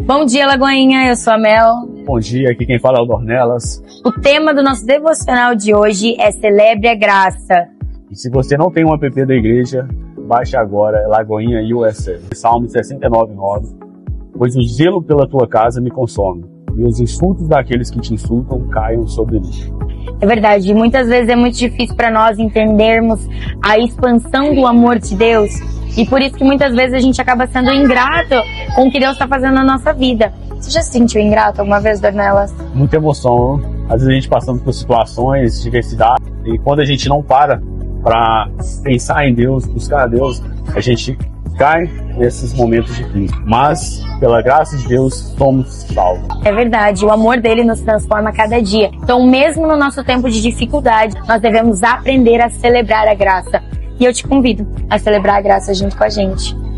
Bom dia, Lagoinha. Eu sou a Mel. Bom dia, aqui quem fala é o Dornelas. O tema do nosso devocional de hoje é Celebre a Graça. E se você não tem um app da igreja, baixe agora Lagoinha USA. Salmo 69, 9. Pois o zelo pela tua casa me consome, e os insultos daqueles que te insultam caiam sobre mim. É verdade, muitas vezes é muito difícil para nós entendermos a expansão do amor de Deus e por isso que muitas vezes a gente acaba sendo ingrato com o que Deus está fazendo na nossa vida. Você já se sentiu ingrato alguma vez, Dornelas? Muita emoção. Às vezes a gente passando por situações, diversidade, e quando a gente não para para pensar em Deus, buscar a Deus, a gente cai nesses momentos de crise. Mas, pela graça de Deus, somos salvos. É verdade, o amor dele nos transforma a cada dia. Então, mesmo no nosso tempo de dificuldade, nós devemos aprender a celebrar a graça. E eu te convido a celebrar a graça junto com a gente.